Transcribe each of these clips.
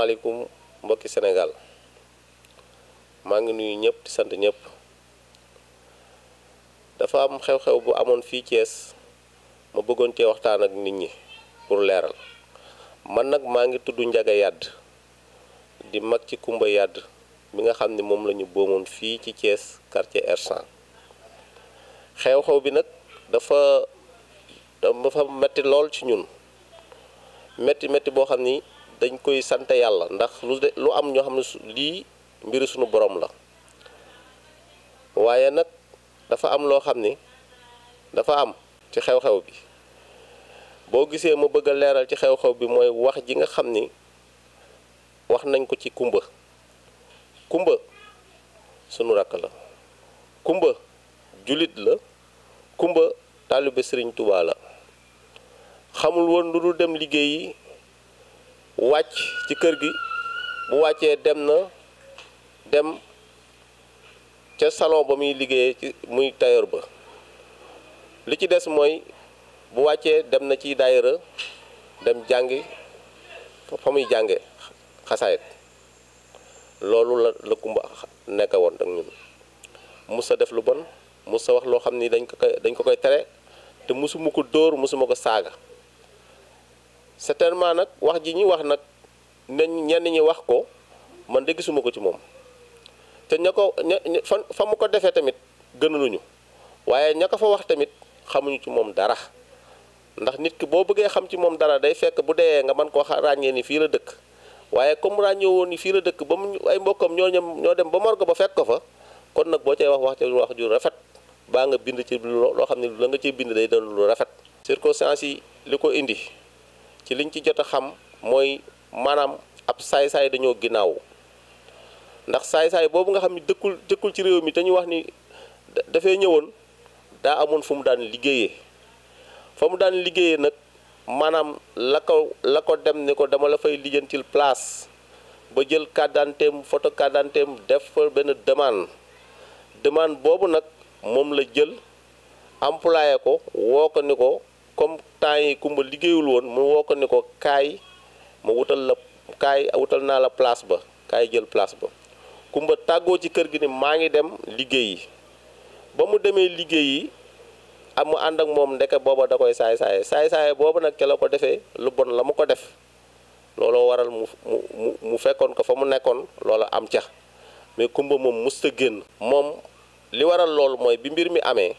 asalaamaaleykum mbokki Senegal. ma ngi nuyu di sant nyep. dafa am xew-xew bu amone fi Thiès ma bëggon ci waxtaan ak nit ñi pour leral man nak ma ngi tuddu Njaga yad di mag ci Kumba yad mi nga xamni mom lañu la fi ci Thiès quartier r100 xew-xew bi nak dafa dafa metti lol ci ñun metti metti bo xamni dañ koy sante yalla ndax lu lu am ñoo xam li lii mbiru sunu borom la waye nak dafa am lo xam ni dafa am ci xew-xew bi bo gisee ma bëgg leral leeral ci xew-xew bi moy wax ji nga xam wax nañ ko ci kumba kumba suñu rak la kumba julit la kumba talibé serigne touba la xamul won lu dem liggéey wàcc ci kër gi bu wàccee dem na dem ca salon ba muy liggéeyee ci muy tailleur ba li ci des mooy bu wàccee dem na ci daayira dem jàngi fa muy jànge xasaayit loolu la la kumba nekk woon ak ñun musa def lu bon musa wax loo xam ni dañ ko koy tere te musuma ko dóor musuma ko saaga certainement nak wax ji ñi wax nak nañ ñenn ñi wax ko man de gisuma ko ci mom te ñako ko fa mu ko defé tamit gënaluñu waaye waye ñaka fa wax tamit xamuñu ci mom dara ndax nit ki bo bëggee xam ci mom dara day fekk bu dee nga mën koo rañé ni fi la dëkk waye comme rañé won ni fi la dëkk ba ay mbokam ñoo ñoo dem ba morgue ba fekk ko fa kon nak bo cey wax wax ci wax ju rafet ba nga bind ci lo xamni ne la nga ciy bind day doon lu rafet circonstances yi liko indi ci liñ ci jot a xam mooy maanaam ab saay-saay dañoo ginnaaw ndax saay-saay boobu nga xam ni dëkkul dëkkul ci réew mi te ñu wax ni dafay ñëwoon daa amoon fu mu daan liggéeyee fa mu daan liggéeyee nag maanaam la ko la ko dem ni ko dama la fay lijjantil place ba jël carte d'identité am photo carte def fa benn demande demande boobu nag moom la jël employé ko woo ko ni ko comme temps yi kumba liggéeyul woon mu woo ko ni ko kaay ma wutal la kaay wutal naa la place ba kaay jël place ba kumba tàggoo ci kër gi ni maa ngi dem liggéeyi ba mu demee liggéeyi am mu ànd ak moom ndeke booba da koy saay saaye saay saaye booba nag ca la ko defee lu bon la mu ko def looloo waral mu mu mu fekkoon ko fa mu nekkoon loola am ca mais kumba moom musta génn moom li waral loolu mooy bi mbir mi amee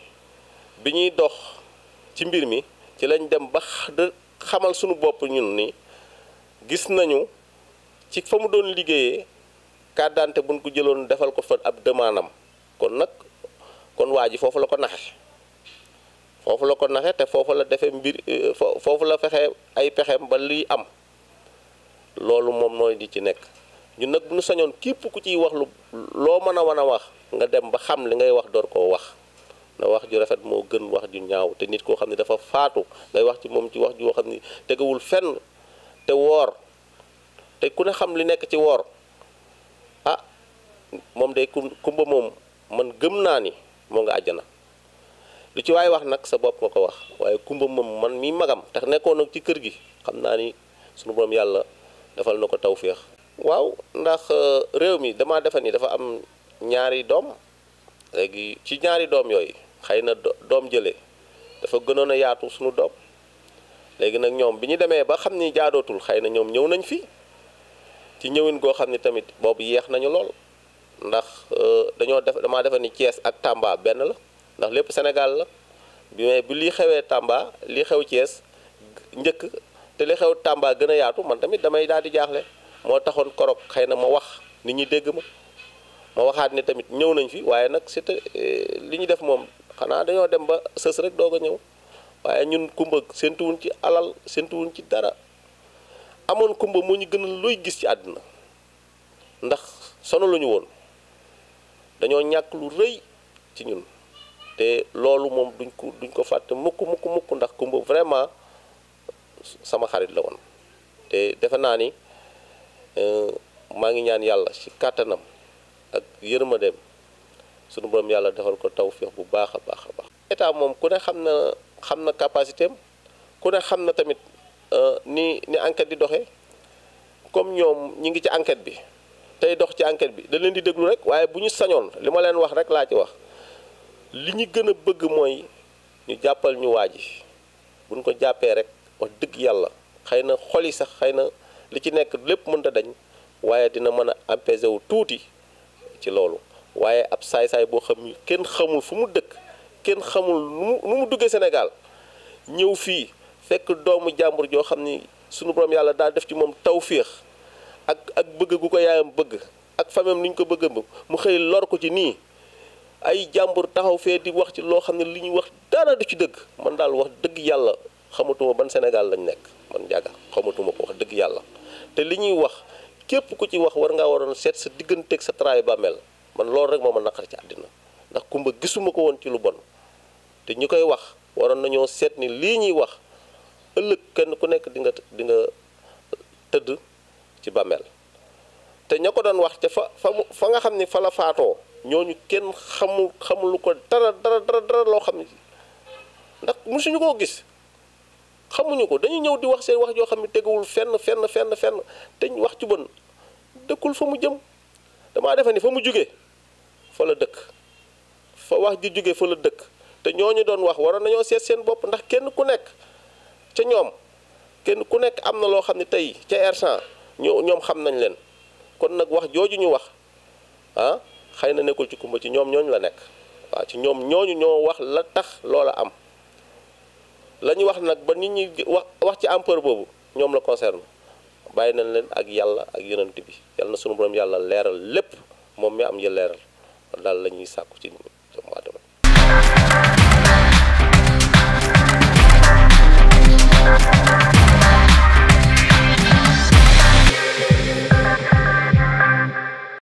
bi ñuy dox ci mbir mi ci lañ dem ba xamal sunu bopp ñun ni gis nañu ci fa mu doon liggéeyee carte d'identité buñ ko jëloon defal ko fa ab demandam kon nag kon waa ji foofu la ko naxe foofu la ko naxe te foofu la mbir e, foofu la fexe ay pexeem ba liy am loolu moom nooy di ci nekk ñun nag bu ñu sañoon képp ku ciy wax lu loo mën a mën a wax nga dem ba xam li ngay wax door koo wax wax ju rafet moo gën wax ju ñaaw te nit koo xam ne dafa faatu ngay wax ci moom ci wax joo xam ni tegawul fenn te woor te ku ne xam li nekk ci woor ah moom day kumba moom man gëm naa ni moo nga àjjana lu ci waaye wax nag sa bopp ko wax waaye kumba moom man mi magam tax nekkoon nag ci kër gi xam naa ni sunu borom yàlla defal na ko tawféex waaw ndax euh, réew mi damaa defe ni dafa am ñaari doom léegi ci ñaari doom yooyu xëy na doom jële dafa gënoon a yaatu suñu doom léegi nag ñoom bi ñu demee ba xam ni jaadootul xëy na ñoom ñëw nañ fi ci ñëwin goo xam ni tamit boobu yéex nañu lool ndax euh, dañoo def damaa defe ni Thiès ak Tamba benn la ndax lépp Sénégal la bi mais bi lii xewee Tamba lii xew Thiès njëkk te li xew Tamba gën a yaatu man tamit damay daal di jaaxle moo taxoon korok xëy na ma wax nit ñi dégg ma ma waxaat ni tamit ñëw nañ fi waaye nag c'est euh, li ñu def moom xanaa dañoo dem ba sës rek doog a ñëw waaye ñun kumba séntuwuñ ci alal séntuwuñ ci dara amoon kumba moo ñu gënal looy gis ci àddina ndax sonaluñu woon dañoo ñàkk lu rëy ci ñun te loolu moom duñ ko duñ ko fàtte mukk mukk mukk ndax kumba vraiment sama xarit la woon te defe naa ni euh, maa ngi ñaan yàlla ci kàttanam ak yërmandeem sunu borom yàlla defal ko taw tawféex bu baax a baax a baax. état moom ku ne xam na xam na capacité am ku ne xam na tamit euh, ni ni enquête di doxee comme ñoom ñi ngi ci enquête bi tey dox ci enquête bi da leen di déglu rek waaye bu ñu sañoon li ma leen wax rek laa ci wax li ñu gën a bëgg mooy ñu jàppal ñu waa ji bu ñu ko jàppee rek wax dëgg yàlla xëy na xol yi sax xëy na li ci nekk lépp mën mënta dañ waaye dina mën a apaiser wu tuuti ci loolu. waaye ab saay-saay boo xam kenn xamul fu mu dëkk kenn xamul nu mu nu mu duggee Sénégal ñëw fii fekk doomu jàmbur joo xam ni sunu borom yàlla daal def ci moom tawféex ak ak bëgg ko yaayam bëgg ak famem ni ko bëgg mu xëy lor ko ci nii ay jàmbur taxaw fee di wax ci loo xam ne li ñuy wax dara du ci dëgg man daal wax dëgg yàlla xamatuma ban Sénégal lañ nekk man jàgga xamatuma ko wax dëgg yàlla te li ñuy wax képp ku ci wax war ngaa waroon seet sa digganteeg sa travail ba man loolu rek moo ma naqari ci àddina ndax kumba gisuma ko woon ci lu bon te ñi koy wax waroon nañoo seet ni lii ñuy wax ëllëg kenn ku nekk di nga di nga tëdd ci bàmmeel te ña ko daan wax ca fa fa mu fa nga xam ni fa la faatoo ñooñu kenn xamul xamul ko dara dara dara loo xam ni ndax musuñu koo gis xamuñu ko dañuy ñëw di wax seen wax yoo xam ne teguwul fenn fenn fenn fenn te wax ci bon dëkkul fa mu jëm damaa defe ni fa mu jugee fa la dëkk foo wax ji jóge fa la dëkk te ñoo ñu doon wax waroon nañoo seet seen bopp ndax kenn ku nekk ca ñoom kenn ku nekk am na loo xam ne tey ca R100 ñoom xam nañ leen kon nag wax jooju ñu wax ah xëy na nekkul ci kumba ci ñoom ñooñu la nekk waaw ci ñoom ñoo ñu ñoo wax la tax loola am la ñu wax nag ba nit ñi wax wax ci ampleur boobu ñoom la concerne bàyyi nañ leen ak yàlla ak yeneen bi yàlla na sunu borom yàlla leeral lépp moom mi am ya leeral daal la ñuy sàkku ci nit